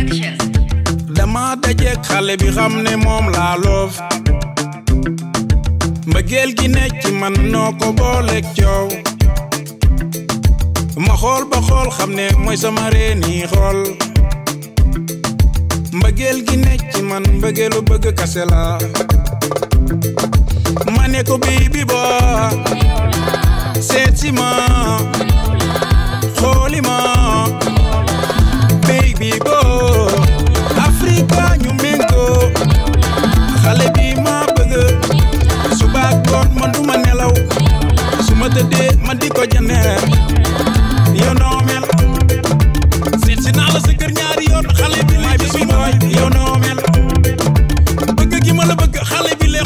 Productions dama daje xale bi xam ne moom love, loof mbëggeel gi ne ci man noo ko booleeg ma xool ba xool xam ne sama reeni xool mbëggeel gi ne ci man mbëggeelu bëgg kase la ma ko bii ba seet si ma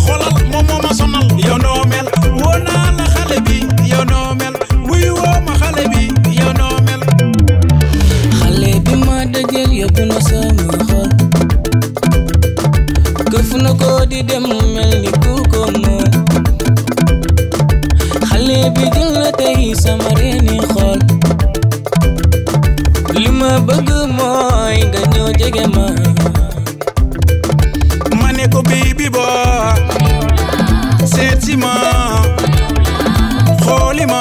xolal moom a ma sonal yow noo mel woo naa la xale bi yow noo mel woo ma xale bi yow noo xale bi ma dëjël yóbbu na sama xol këf na ko dem mel ni ku ko moom xale bi jël tey sama reeni xol li ma bëgg mooy nga ñëw jege ne ko baby boy seeti ma xooli ma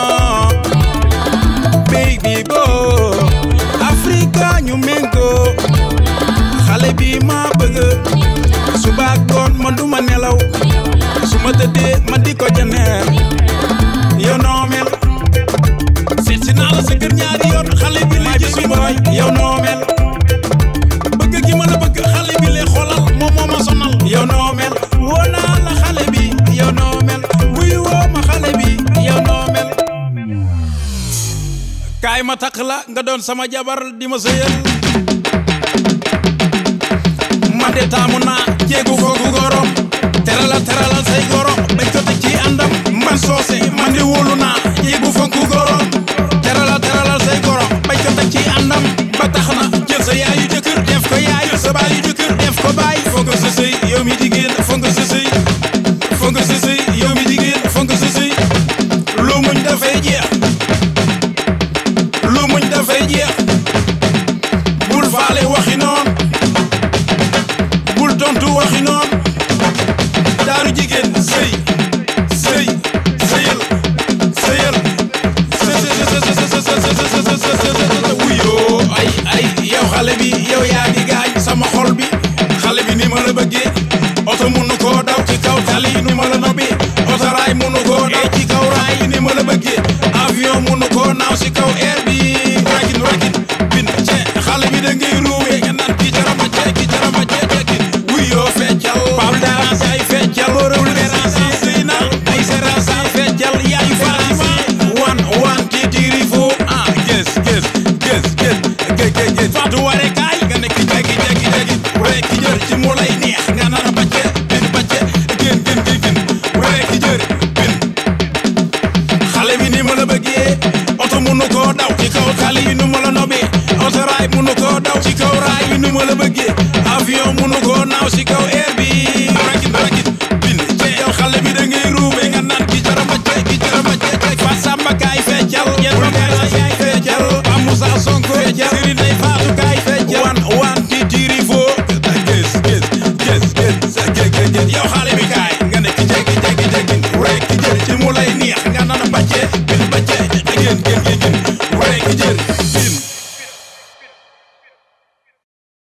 baby boy Afrika ñu méngoo xale bi ma bëgg suba koon ma duma nelaw su ma tëddee ma di ko janeel yow noo mel seeti naa la sa kër ñaari yoon xale bi la jël bi boy yow kaay ma takk la nga doon sama jabar di ma sëyal ma de taamu naa jéegu ngi noon daaru jigéen sëy sëy sëyal sëyal wuyoo ay ay yow xale bi yow yaa di sama xol bi xale bi ni ma oto munu koo daw ci kaw tali ni oto raay munu koo daw ci kaw raay ni ma munu koo naaw ci kaw air bi munu koo daw ci kaw raay nu ma la bëggee avion munu koo naaw ci kaw air bi